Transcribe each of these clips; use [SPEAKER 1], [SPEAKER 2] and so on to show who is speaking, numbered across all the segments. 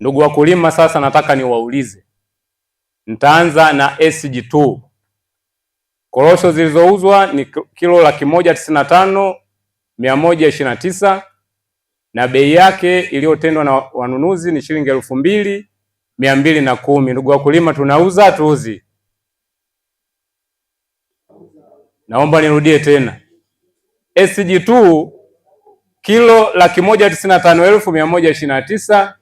[SPEAKER 1] Ndugu wakulima, sasa nataka niwaulize, nitaanza na SG2. Korosho zilizouzwa ni kilo laki moja tisini na tano mia moja ishirini na tisa na bei yake iliyotendwa na wanunuzi ni shilingi elfu mbili mia mbili na kumi. Ndugu wakulima, tunauza tuuzi? Naomba nirudie tena, SG2 kilo laki moja tisini na tano elfu mia moja ishirini na tisa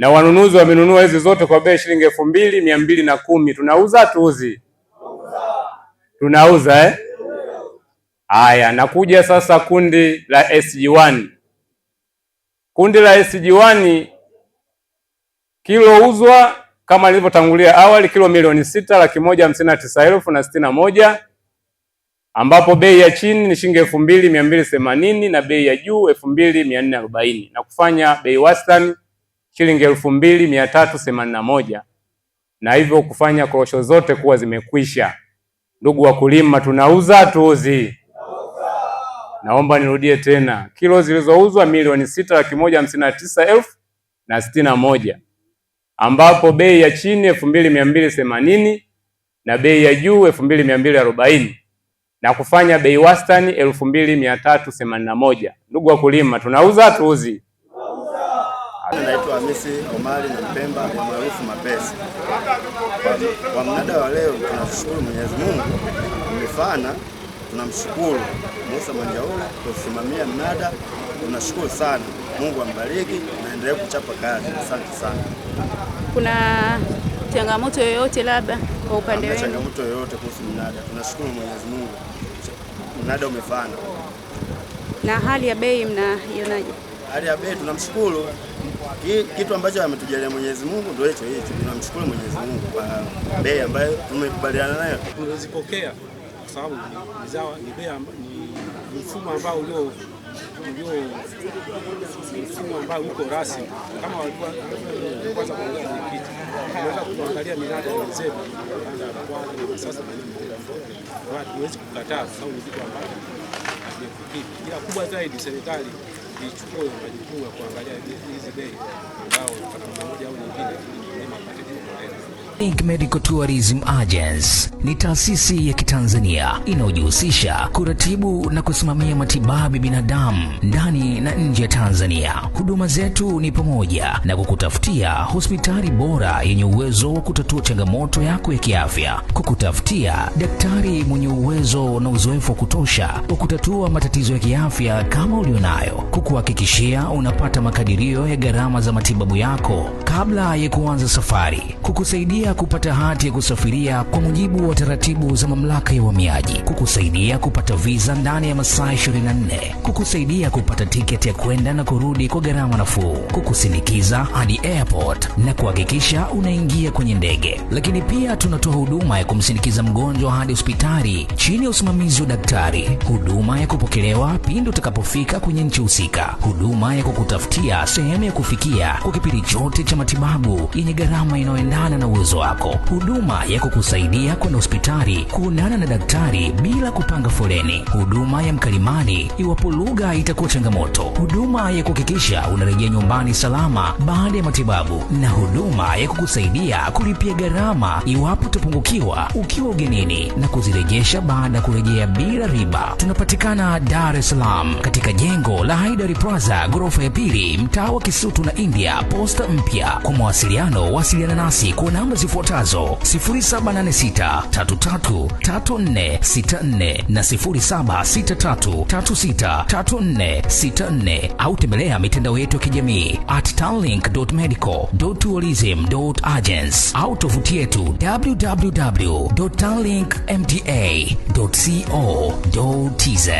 [SPEAKER 1] na wanunuzi wamenunua hizi zote kwa bei shilingi elfu mbili mia mbili na kumi. Tunauza tuuzi? Tunauza eh? Haya, nakuja sasa kundi la SG1. Kundi la SG1 kilo uzwa kama nilivyotangulia awali, kilo milioni sita laki moja hamsini na tisa elfu na sitini na moja ambapo bei ya chini ni shilingi elfu mbili mia mbili themanini na bei ya juu elfu mbili mia nne arobaini na kufanya bei wastani shilingi elfu mbili mia tatu themanini na moja na hivyo kufanya korosho zote kuwa zimekwisha. Ndugu wakulima, tunauza tuuzi? Naomba nirudie tena, kilo zilizouzwa milioni sita laki moja hamsini na tisa elfu na sitini na moja ambapo bei ya chini elfu mbili mia mbili themanini na bei ya juu elfu mbili mia mbili arobaini na kufanya bei wastani elfu mbili mia tatu themanini na moja. Ndugu wakulima, tunauza tuuzi?
[SPEAKER 2] Hamisi Omari na Mpemba maarufu Mapesa. Kwa mnada wa leo, tunashukuru Mwenyezi Mungu mifana, tunamshukuru Musa Manjaula kusimamia mnada, tunashukuru sana. Mungu ambariki, naendelee kuchapa kazi. Asante sana.
[SPEAKER 3] Kuna changamoto yoyote labda kwa upande wenu?
[SPEAKER 2] Changamoto yoyote kuhusu mnada, tunashukuru Mwenyezi Mungu, mnada umefana.
[SPEAKER 3] Na hali ya bei mnaionaje?
[SPEAKER 2] Hali ya bei tunamshukuru kitu ambacho ametujalia Mwenyezi Mungu ndio hicho hicho. Tunamshukuru Mwenyezi Mungu kwa bei ambayo tumekubaliana nayo,
[SPEAKER 4] tunazipokea kwa sababu ni zawa, ni ni bei mfumo ambao ulio mfumo ambao uko rasmi kama walikuwa kwanza kuongea kitu tunaweza kuangalia miradi ya kwanza wenzetu sasa, hatuwezi kukataa kwa sababu ni kitu ambacho ni kitu kikubwa zaidi serikali ichukue majukumu ya kuangalia hizi bei ambao kwa moja au nyingine Think Medical Tourism Agents ni taasisi ya Kitanzania inayojihusisha kuratibu na kusimamia matibabu ya binadamu ndani na nje ya Tanzania. Huduma zetu ni pamoja na kukutafutia hospitali bora yenye uwezo wa kutatua changamoto yako ya kiafya, kukutafutia daktari mwenye uwezo na uzoefu wa kutosha wa kutatua matatizo ya kiafya kama ulionayo, kuhakikishia unapata makadirio ya gharama za matibabu yako kabla ya kuanza safari, kukusaidia kupata hati ya kusafiria kwa mujibu wa taratibu za mamlaka ya uhamiaji, kukusaidia kupata visa ndani ya masaa 24, kukusaidia kupata tiketi ya kwenda na kurudi kwa gharama nafuu, kukusindikiza hadi airport na kuhakikisha unaingia kwenye ndege. Lakini pia tunatoa huduma ya kumsindikiza mgonjwa hadi hospitali chini ya usimamizi wa daktari, huduma ya kupokelewa pindi utakapofika kwenye nchi husika Afrika, huduma ya kukutafutia sehemu ya kufikia kwa kipindi chote cha matibabu yenye gharama inayoendana na uwezo wako, huduma ya kukusaidia kwenda hospitali kuonana na daktari bila kupanga foleni, huduma ya mkalimani iwapo lugha itakuwa changamoto, huduma ya kuhakikisha unarejea nyumbani salama baada ya matibabu, na huduma ya kukusaidia kulipia gharama iwapo utapungukiwa ukiwa ugenini na kuzirejesha baada ya kurejea bila riba. Tunapatikana Dar es Salaam katika jengo la Haida Royal Plaza ghorofa ya pili mtaa wa Kisutu na India posta mpya. Kwa mawasiliano wasiliana nasi kwa namba zifuatazo 0786333464 na 0763363464 au tembelea mitandao yetu ya kijamii at tanlink.medical.tourism.agency au tovuti yetu www.tanlinkmta.co.tz.